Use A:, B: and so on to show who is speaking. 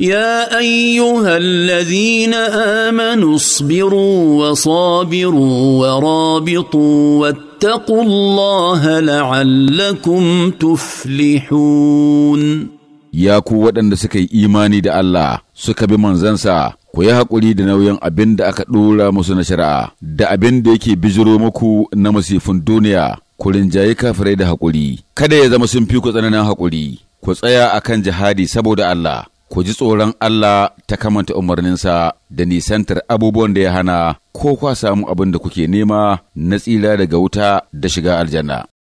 A: يا ايها الذين امنوا اصبروا وصابروا ورابطوا واتقوا الله لعلكم تفلحون
B: ya ku waɗanda suka yi imani da Allah suka bi manzansa ku yi haƙuri da nauyin abin da aka ɗora musu na shari'a da abin da yake bijiro muku na masifin duniya ku rinjaye kafirai da haƙuri kada ya zama sun fi ku tsananin haƙuri ku tsaya akan jihadi saboda Allah ku ji tsoron Allah ta kamanta umarninsa da nisantar abubuwan da ya hana ko kwa samu abin da kuke nema na tsira daga wuta da shiga aljanna.